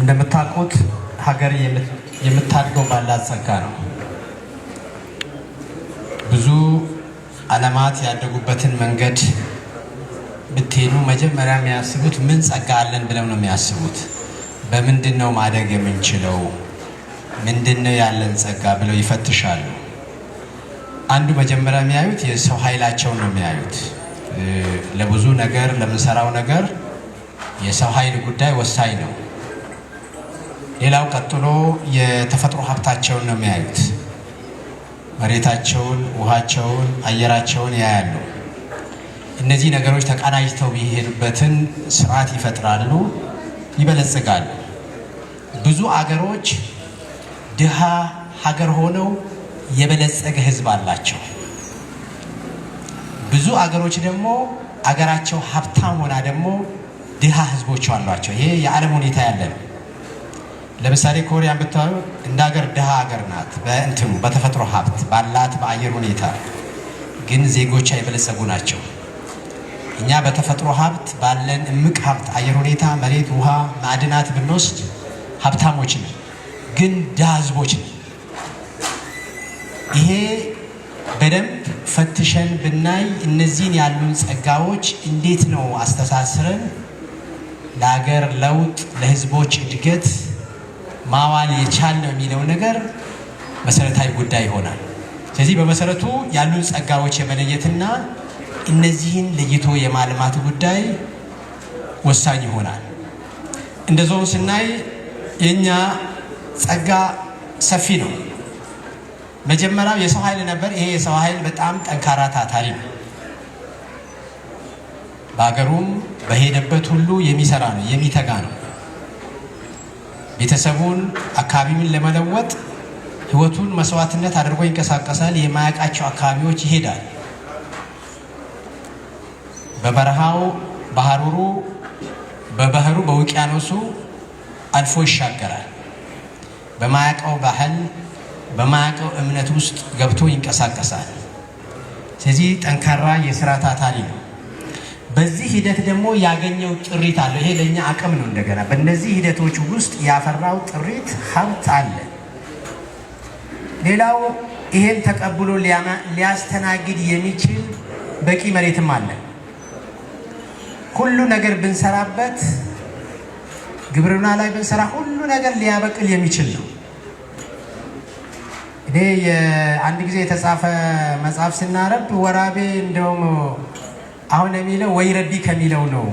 እንደምታውቁት ሀገር የምታድገው ባላት ጸጋ ነው። ብዙ ዓለማት ያደጉበትን መንገድ ብትሄዱ መጀመሪያ የሚያስቡት ምን ጸጋ አለን ብለው ነው የሚያስቡት። በምንድን ነው ማደግ የምንችለው? ምንድን ነው ያለን ጸጋ ብለው ይፈትሻሉ። አንዱ መጀመሪያ የሚያዩት የሰው ኃይላቸውን ነው የሚያዩት። ለብዙ ነገር ለምንሰራው ነገር የሰው ኃይል ጉዳይ ወሳኝ ነው። ሌላው ቀጥሎ የተፈጥሮ ሀብታቸውን ነው የሚያዩት። መሬታቸውን፣ ውሃቸውን፣ አየራቸውን ያያሉ። እነዚህ ነገሮች ተቀናጅተው የሚሄዱበትን ስርዓት ይፈጥራሉ፣ ይበለጽጋሉ። ብዙ አገሮች ድሃ ሀገር ሆነው የበለጸገ ህዝብ አላቸው። ብዙ አገሮች ደግሞ አገራቸው ሀብታም ሆና ደግሞ ድሃ ህዝቦች አሏቸው። ይሄ የዓለም ሁኔታ ያለ ነው። ለምሳሌ ኮሪያን ብታዩ እንደ ሀገር ድሃ ሀገር ናት። በእንትኑ በተፈጥሮ ሀብት ባላት በአየር ሁኔታ ግን ዜጎቿ የበለጸጉ ናቸው። እኛ በተፈጥሮ ሀብት ባለን እምቅ ሀብት አየር ሁኔታ፣ መሬት፣ ውሃ፣ ማዕድናት ብንወስድ ሀብታሞች ነን፣ ግን ድሃ ህዝቦች ነን። ይሄ በደንብ ፈትሸን ብናይ እነዚህን ያሉን ጸጋዎች እንዴት ነው አስተሳስረን ለሀገር ለውጥ ለህዝቦች እድገት ማዋል ነው የሚለው ነገር መሰረታዊ ጉዳይ ይሆናል። ስለዚህ በመሰረቱ ያሉን ጸጋዎች የመለየትና እነዚህን ለይቶ የማልማት ጉዳይ ወሳኝ ይሆናል። እንደዞም ስናይ የእኛ ጸጋ ሰፊ ነው። መጀመሪያው የሰው ኃይል ነበር። ይሄ የሰው ኃይል በጣም ጠንካራ ታታሪ ነው። በሀገሩም በሄደበት ሁሉ የሚሰራ ነው፣ የሚተጋ ነው። ቤተሰቡን፣ አካባቢውን ለመለወጥ ህይወቱን መስዋዕትነት አድርጎ ይንቀሳቀሳል። የማያውቃቸው አካባቢዎች ይሄዳል። በበረሃው፣ በሀሩሩ፣ በባህሩ፣ በውቅያኖሱ አልፎ ይሻገራል። በማያውቀው ባህል፣ በማያውቀው እምነት ውስጥ ገብቶ ይንቀሳቀሳል። ስለዚህ ጠንካራ የስራ ታታሪ ነው። በዚህ ሂደት ደግሞ ያገኘው ጥሪት አለ። ይሄ ለእኛ አቅም ነው። እንደገና በእነዚህ ሂደቶች ውስጥ ያፈራው ጥሪት ሀብት አለ። ሌላው ይሄን ተቀብሎ ሊያስተናግድ የሚችል በቂ መሬትም አለ። ሁሉ ነገር ብንሰራበት፣ ግብርና ላይ ብንሰራ ሁሉ ነገር ሊያበቅል የሚችል ነው። እኔ አንድ ጊዜ የተጻፈ መጽሐፍ ስናረብ ወራቤ እንደውም አሁን የሚለው ወይ ረቢ ከሚለው ነው።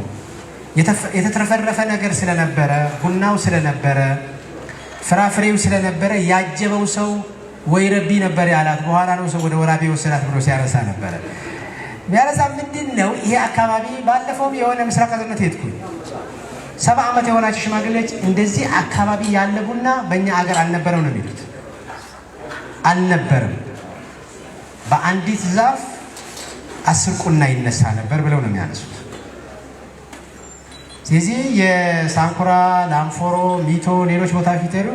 የተትረፈረፈ ነገር ስለነበረ፣ ቡናው ስለነበረ፣ ፍራፍሬው ስለነበረ ያጀበው ሰው ወይ ረቢ ነበር ያላት። በኋላ ነው ሰው ወደ ወራቤ ወሰዳት ብሎ ሲያረሳ ነበረ። ያረሳ ምንድን ነው ይሄ አካባቢ። ባለፈውም የሆነ ምስራቅ አዘነት ሄድኩኝ። ሰባ ዓመት የሆናቸው ሽማግሌዎች እንደዚህ አካባቢ ያለ ቡና በእኛ አገር አልነበረም ነው የሚሉት። አልነበረም በአንዲት ዛፍ አስር ቁና ይነሳ ነበር ብለው ነው የሚያነሱት። ስለዚህ የሳንኩራ ላምፎሮ፣ ሚቶ፣ ሌሎች ቦታ ፊት ሄዱ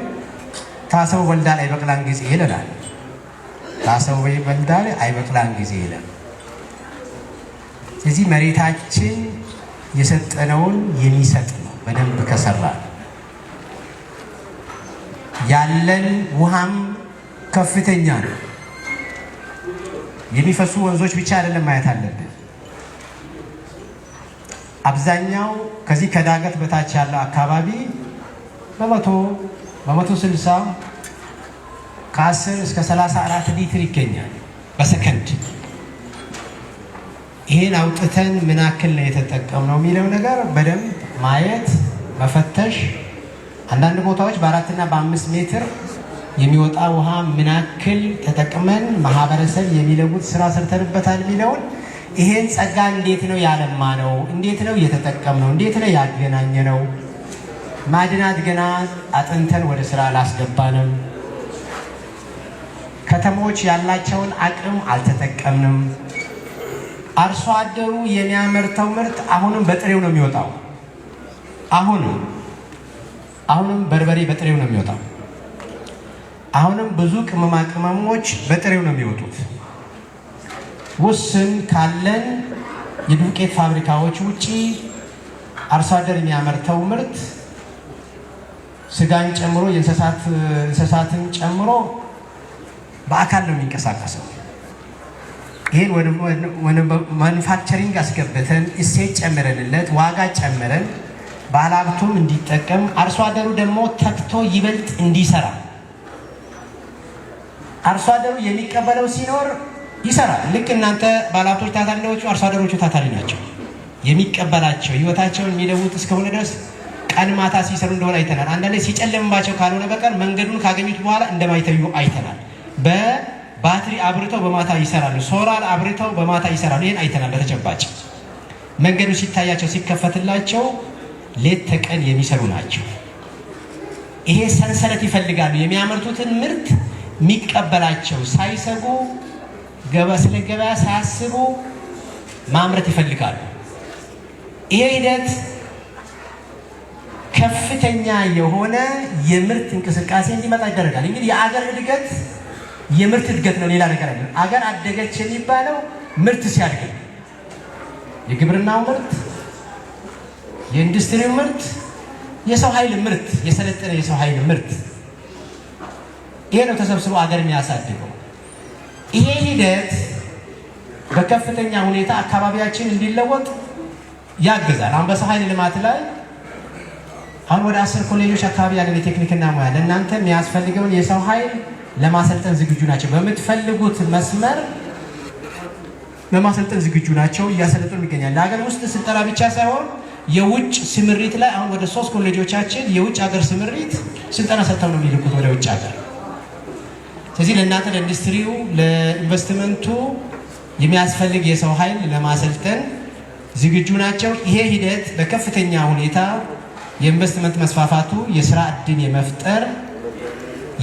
ታሰው በልዳ ላይ በቅላን ጊዜ ይለናል። ታሰው በልዳ ላይ አይበቅላን ጊዜ ይለናል። ስለዚህ መሬታችን የሰጠነውን የሚሰጥ ነው። በደንብ ከሰራ ያለን ውሃም ከፍተኛ ነው። የሚፈሱ ወንዞች ብቻ አይደለም ማየት አለብን። አብዛኛው ከዚህ ከዳገት በታች ያለው አካባቢ በመቶ በመቶ ስልሳ ከአስር እስከ ሰላሳ አራት ሊትር ይገኛል በሰከንድ። ይህን አውጥተን ምን አክል ነው የተጠቀምነው የሚለው ነገር በደንብ ማየት መፈተሽ አንዳንድ ቦታዎች በአራትና በአምስት ሜትር የሚወጣ ውሃ ምናክል ተጠቅመን ማህበረሰብ የሚለውጥ ስራ ሰርተንበታል የሚለውን ይሄን ጸጋ እንዴት ነው ያለማ ነው? እንዴት ነው እየተጠቀም ነው? እንዴት ነው ያገናኘ ነው? ማድናት ገና አጥንተን ወደ ስራ አላስገባንም። ከተሞች ያላቸውን አቅም አልተጠቀምንም። አርሶ አደሩ የሚያመርተው ምርት አሁንም በጥሬው ነው የሚወጣው። አሁን አሁንም በርበሬ በጥሬው ነው የሚወጣው። አሁንም ብዙ ቅመማ ቅመሞች በጥሬው ነው የሚወጡት። ውስን ካለን የዱቄት ፋብሪካዎች ውጪ አርሶ አደር የሚያመርተው ምርት ስጋን ጨምሮ የእንስሳትን ጨምሮ በአካል ነው የሚንቀሳቀሰው። ይህን ማኑፋክቸሪንግ አስገብተን እሴት ጨምረንለት ዋጋ ጨምረን ባለሀብቱም እንዲጠቀም አርሶ አደሩ ደግሞ ተክቶ ይበልጥ እንዲሰራ አርሶ አደሩ የሚቀበለው ሲኖር ይሰራል። ልክ እናንተ ባለሀብቶች ታታሪ ናችሁ፣ አርሶ አደሮቹ ታታሪ ናቸው። የሚቀበላቸው ህይወታቸውን የሚለውጥ እስከሆነ ድረስ ቀን ማታ ሲሰሩ እንደሆነ አይተናል። አንዳንዴ ሲጨለምባቸው ካልሆነ በቀር መንገዱን ካገኙት በኋላ እንደማይተዩ አይተናል። በባትሪ አብርተው በማታ ይሰራሉ። ሶላር አብርተው በማታ ይሰራሉ። ይህን አይተናል በተጨባጭ መንገዱ ሲታያቸው ሲከፈትላቸው ሌት ተቀን የሚሰሩ ናቸው። ይሄ ሰንሰለት ይፈልጋሉ። የሚያመርቱትን ምርት የሚቀበላቸው ሳይሰጉ ስለ ገበያ ሳያስቡ ማምረት ይፈልጋሉ። ይሄ ሂደት ከፍተኛ የሆነ የምርት እንቅስቃሴ እንዲመጣ ይደረጋል። እንግዲህ የአገር እድገት የምርት እድገት ነው፣ ሌላ ነገር አይደለም። አገር አደገች የሚባለው ምርት ሲያድግ፣ የግብርናው ምርት፣ የኢንዱስትሪው ምርት፣ የሰው ኃይል ምርት፣ የሰለጠነ የሰው ኃይል ምርት ይሄ ነው ተሰብስቦ ሀገር የሚያሳድገው። ይሄ ሂደት በከፍተኛ ሁኔታ አካባቢያችን እንዲለወጥ ያግዛል። አንበሳ ኃይል ልማት ላይ አሁን ወደ አስር ኮሌጆች አካባቢ ያለን የቴክኒክና ሙያ ለእናንተ የሚያስፈልገውን የሰው ኃይል ለማሰልጠን ዝግጁ ናቸው። በምትፈልጉት መስመር ለማሰልጠን ዝግጁ ናቸው፣ እያሰለጡ ይገኛል። ለሀገር ውስጥ ስልጠና ብቻ ሳይሆን የውጭ ስምሪት ላይ አሁን ወደ ሶስት ኮሌጆቻችን የውጭ ሀገር ስምሪት ስልጠና ሰጥተው ነው የሚልኩት ወደ ውጭ ሀገር ስለዚህ ለእናንተ ለኢንዱስትሪው፣ ለኢንቨስትመንቱ የሚያስፈልግ የሰው ኃይል ለማሰልጠን ዝግጁ ናቸው። ይሄ ሂደት በከፍተኛ ሁኔታ የኢንቨስትመንት መስፋፋቱ የስራ እድል የመፍጠር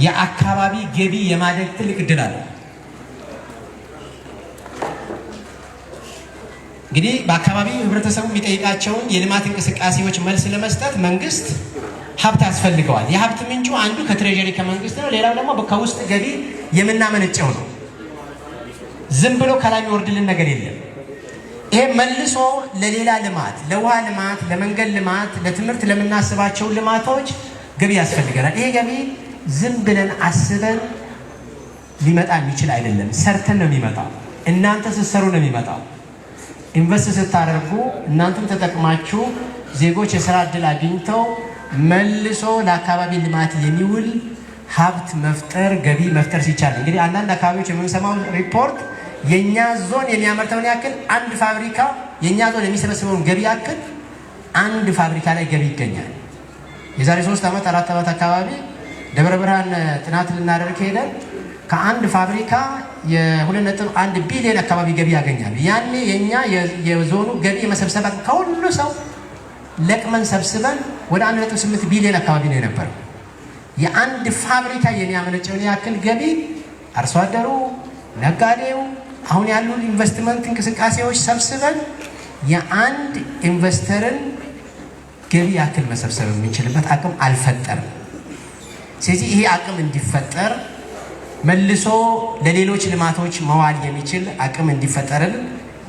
የአካባቢ ገቢ የማደግ ትልቅ እድል አለ። እንግዲህ በአካባቢው ህብረተሰቡ የሚጠይቃቸውን የልማት እንቅስቃሴዎች መልስ ለመስጠት መንግስት ሀብት ያስፈልገዋል። የሀብት ምንጩ አንዱ ከትሬጀሪ ከመንግስት ነው። ሌላው ደግሞ ከውስጥ ገቢ የምናመነጨው ነው። ዝም ብሎ ከላይ የሚወርድልን ነገር የለም። ይሄ መልሶ ለሌላ ልማት፣ ለውሃ ልማት፣ ለመንገድ ልማት፣ ለትምህርት ለምናስባቸው ልማቶች ገቢ ያስፈልገናል። ይሄ ገቢ ዝም ብለን አስበን ሊመጣ የሚችል አይደለም። ሰርተን ነው የሚመጣው። እናንተ ስትሰሩ ነው የሚመጣው። ኢንቨስት ስታደርጉ እናንተም ተጠቅማችሁ ዜጎች የስራ እድል አግኝተው መልሶ ለአካባቢ ልማት የሚውል ሀብት መፍጠር ገቢ መፍጠር ሲቻል እንግዲህ አንዳንድ አካባቢዎች የምንሰማው ሪፖርት የእኛ ዞን የሚያመርተውን ያክል አንድ ፋብሪካ የእኛ ዞን የሚሰበስበውን ገቢ ያክል አንድ ፋብሪካ ላይ ገቢ ይገኛል። የዛሬ ሶስት ዓመት አራት ዓመት አካባቢ ደብረ ብርሃን ጥናት ልናደርግ ሄደን ከአንድ ፋብሪካ የሁለት ነጥብ አንድ ቢሊዮን አካባቢ ገቢ ያገኛል። ያኔ የእኛ የዞኑ ገቢ የመሰብሰባት ከሁሉ ሰው ለቅመን ሰብስበን ወደ 1.8 ቢሊዮን አካባቢ ነው የነበረው። የአንድ ፋብሪካ የሚያመነጨውን ያክል ገቢ አርሶ አደሩ፣ ነጋዴው፣ አሁን ያሉ ኢንቨስትመንት እንቅስቃሴዎች ሰብስበን የአንድ ኢንቨስተርን ገቢ ያክል መሰብሰብ የምንችልበት አቅም አልፈጠርም። ስለዚህ ይሄ አቅም እንዲፈጠር መልሶ ለሌሎች ልማቶች መዋል የሚችል አቅም እንዲፈጠርን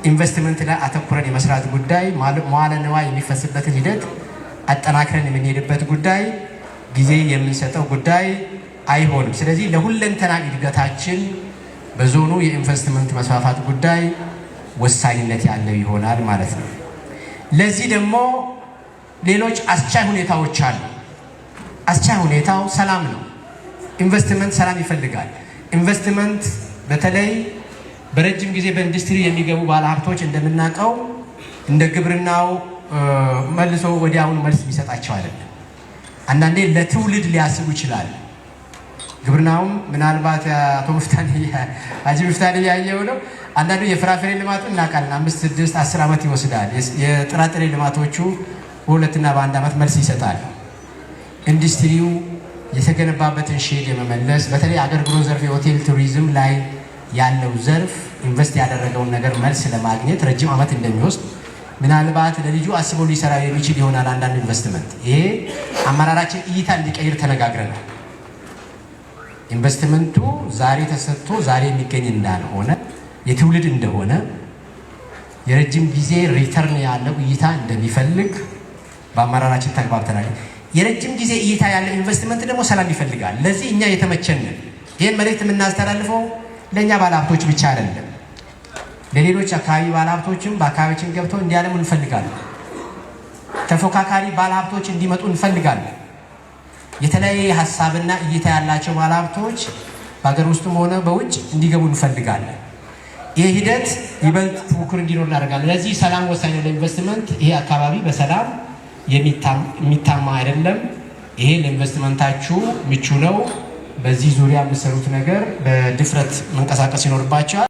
ኢንቨስትመንት ላይ አተኩረን የመስራት ጉዳይ፣ መዋለ ንዋይ የሚፈስበትን ሂደት አጠናክረን የምንሄድበት ጉዳይ፣ ጊዜ የምንሰጠው ጉዳይ አይሆንም። ስለዚህ ለሁለንተና እድገታችን በዞኑ የኢንቨስትመንት መስፋፋት ጉዳይ ወሳኝነት ያለው ይሆናል ማለት ነው። ለዚህ ደግሞ ሌሎች አስቻይ ሁኔታዎች አሉ። አስቻይ ሁኔታው ሰላም ነው። ኢንቨስትመንት ሰላም ይፈልጋል። ኢንቨስትመንት በተለይ በረጅም ጊዜ በኢንዱስትሪ የሚገቡ ባለሀብቶች እንደምናውቀው እንደ ግብርናው መልሶ ወዲያውኑ መልስ የሚሰጣቸው አይደለም። አንዳንዴ ለትውልድ ሊያስቡ ይችላል። ግብርናውም ምናልባት አቶ ምፍታን አጂ ምፍታን እያየው ነው። አንዳንዱ የፍራፍሬ ልማቱ እናውቃለን። አምስት ስድስት አስር ዓመት ይወስዳል። የጥራጥሬ ልማቶቹ በሁለትና በአንድ ዓመት መልስ ይሰጣል። ኢንዱስትሪው የተገነባበትን ሼድ የመመለስ በተለይ አገልግሎት ዘርፍ የሆቴል ቱሪዝም ላይ ያለው ዘርፍ ኢንቨስት ያደረገውን ነገር መልስ ለማግኘት ረጅም ዓመት እንደሚወስድ ምናልባት ለልጁ አስቦ ሊሰራ የሚችል ይሆናል። አንዳንድ ኢንቨስትመንት ይሄ አመራራችን እይታ እንዲቀይር ተነጋግረናል። ኢንቨስትመንቱ ዛሬ ተሰጥቶ ዛሬ የሚገኝ እንዳልሆነ የትውልድ እንደሆነ የረጅም ጊዜ ሪተርን ያለው እይታ እንደሚፈልግ በአመራራችን ተግባብተናል። የረጅም ጊዜ እይታ ያለው ኢንቨስትመንት ደግሞ ሰላም ይፈልጋል። ለዚህ እኛ የተመቸንን ይህን መልእክት የምናስተላልፈው ለእኛ ባለሀብቶች ብቻ አይደለም፣ ለሌሎች አካባቢ ባለሀብቶችም በአካባቢችን ገብተው እንዲያለሙ እንፈልጋለን። ተፎካካሪ ባለሀብቶች እንዲመጡ እንፈልጋለን። የተለያየ ሀሳብና እይታ ያላቸው ባለሀብቶች በሀገር ውስጥም ሆነ በውጭ እንዲገቡ እንፈልጋለን። ይህ ሂደት ይበልጥ ፉክክር እንዲኖር እናደርጋለን። ለዚህ ሰላም ወሳኝ ነው። ለኢንቨስትመንት ይሄ አካባቢ በሰላም የሚታማ አይደለም። ይሄ ለኢንቨስትመንታችሁ ምቹ ነው። በዚህ ዙሪያ የምትሰሩት ነገር በድፍረት መንቀሳቀስ ይኖርባቸዋል።